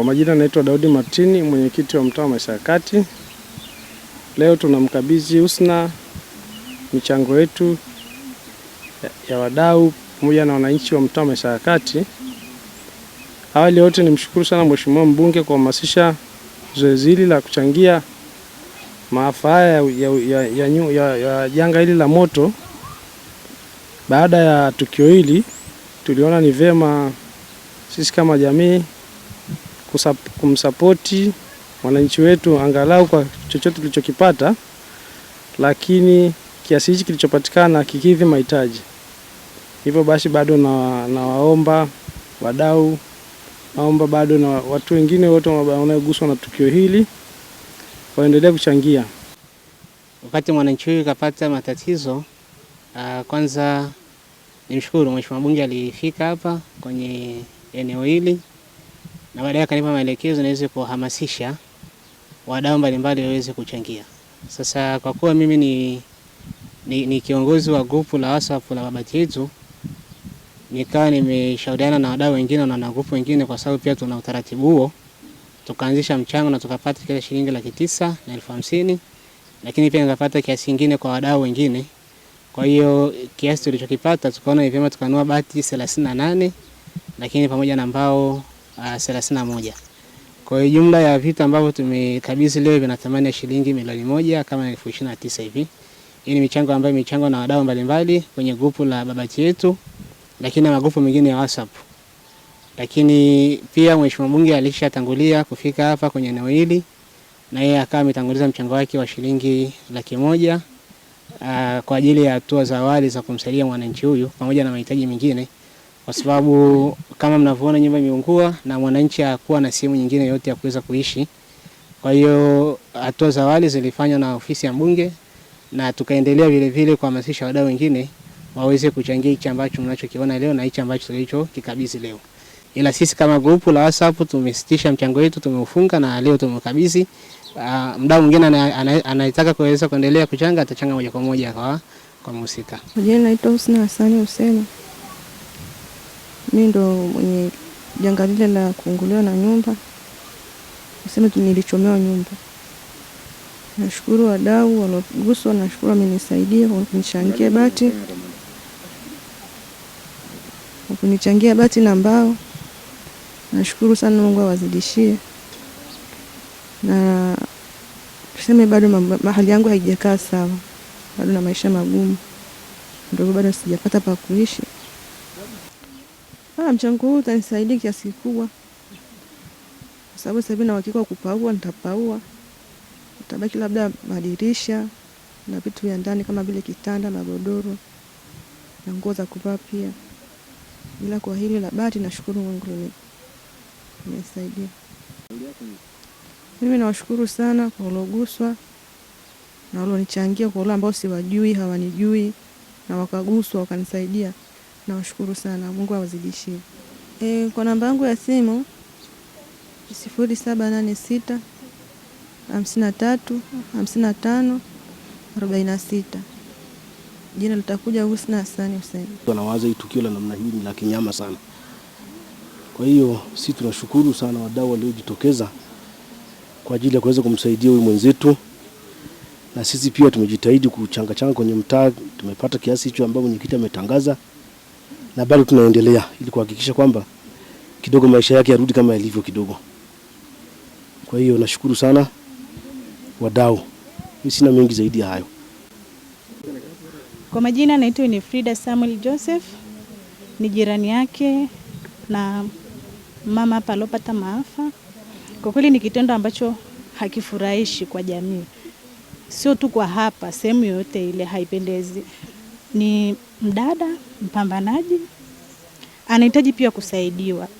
Kwa majina naitwa Daudi Martini, mwenyekiti wa mtaa wa Maisha ya Kati. Leo tunamkabidhi Husna michango yetu ya wadau pamoja na wananchi wa mtaa wa Maisha ya Kati. Awali yote nimshukuru sana Mheshimiwa mbunge kuhamasisha zoezi hili la kuchangia maafa haya ya, ya, ya, ya, ya, ya janga hili la moto. Baada ya tukio hili, tuliona ni vema sisi kama jamii kumsapoti mwananchi wetu angalau kwa chochote tulichokipata, lakini kiasi hichi kilichopatikana kikidhi mahitaji. Hivyo basi bado na, na waomba wadau, naomba bado na watu wengine wote wanaoguswa na tukio hili waendelee kuchangia. Wakati mwananchi huyu kapata matatizo uh, kwanza nimshukuru Mheshimiwa Bunge alifika hapa kwenye eneo hili na baadaye akanipa maelekezo niweze kuhamasisha wadau mbalimbali waweze kuchangia. Sasa kwa kuwa mimi ni, ni, ni kiongozi wa grupu la WhatsApp la Babati yetu, nikawa nimeshauriana na wadau wengine na na grupu wengine, kwa sababu pia tuna utaratibu huo, tukaanzisha mchango na tukapata kila shilingi laki tisa na elfu hamsini lakini pia nikapata kiasi kingine kwa wadau wengine. Kwa hiyo kiasi tulichokipata tukaona ni vyema tukanua bati 38 lakini pamoja na mbao 31. Ah, kwa hiyo jumla ya vitu ambavyo tumekabidhi leo vina thamani ya shilingi milioni moja kama elfu ishirini na tisa hivi. Hii ni michango ambayo michango na wadau mbalimbali kwenye grupu la babati yetu, lakini na magrupu mengine ya WhatsApp. Lakini pia Mheshimiwa Mbunge alishatangulia kufika hapa kwenye eneo hili na yeye akawa ametanguliza mchango wake wa shilingi laki moja uh, kwa ajili ya hatua za awali za kumsaidia mwananchi huyu pamoja na mahitaji mengine kwa sababu kama mnavyoona nyumba imeungua na mwananchi hakuwa na sehemu nyingine yote ya kuweza kuishi. Kwa hiyo hatua za awali zilifanywa na ofisi ya mbunge na tukaendelea vilevile kuhamasisha wadau wengine waweze kuchangia hichi ambacho mnachokiona leo na hichi ambacho tulicho kikabidhi leo. Ila sisi kama grupu la WhatsApp tumesitisha mchango wetu, tumeufunga na leo tumekabidhi. Uh, mdau mwingine anayetaka kuweza kuendelea kuchanga atachanga moja kwa moja kwa kwa mhusika. Jina naitwa Husna Hasani Hussein mi ndo mwenye janga lile la kuunguliwa na nyumba, useme nilichomewa nyumba. Nashukuru wadau walioguswa, nashukuru wamenisaidia wakunichangia bati, wakunichangia bati na mbao. Nashukuru sana, Mungu awazidishie na tuseme bado mahali yangu haijakaa sawa, bado na maisha magumu, ndogo, bado sijapata pa kuishi. Ah, mchango huu utanisaidia kiasi kikubwa, kwa sababu sasa hivi na uhakika wa kupaua, nitapaua, nitabaki labda madirisha na vitu vya ndani kama vile kitanda, magodoro na nguo za kuvaa pia. Ila kwa hili la bahati, nashukuru Mungu nimesaidia. Mimi nawashukuru sana kwa uloguswa na ulonichangia, kwa wale ambao siwajui hawanijui na wakaguswa wakanisaidia. Nawashukuru sana, Mungu awazidishie. E, kwa namba yangu ya simu sifuri saba nane sita hamsini na tatu hamsini na tano arobaini na sita. Jina litakuja Husna Hasani Hussein. Wanawaza hii tukio la namna hii ni la kinyama sana. Kwa hiyo sisi tunashukuru sana wadau waliojitokeza kwa ajili ya kuweza kumsaidia huyu mwenzetu, na sisi pia tumejitahidi kuchangachanga kwenye mtaa, tumepata kiasi hicho ambacho mwenyekiti ametangaza na bado tunaendelea ili kuhakikisha kwamba kidogo maisha yake yarudi kama yalivyo kidogo. Kwa hiyo nashukuru sana wadau, mimi sina mengi zaidi ya hayo. Kwa majina naitwa ni Frida Samuel Joseph, ni jirani yake na mama hapa alopata maafa. Kwa kweli ni kitendo ambacho hakifurahishi kwa jamii, sio tu kwa hapa, sehemu yoyote ile haipendezi ni mdada mpambanaji, anahitaji pia kusaidiwa.